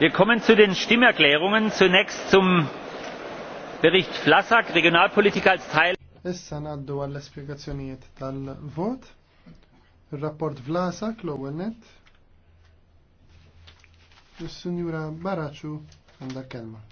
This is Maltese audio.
Wir kommen zu den Stimmerklärungen. Zunächst zum Bericht Flassak, Regionalpolitik als Teil. Issa naddu għall-esplikazzjonijiet tal-vot. Il-rapport Vlasak l-ewwel net. Is-Sinjura Baraċu għandha kelma.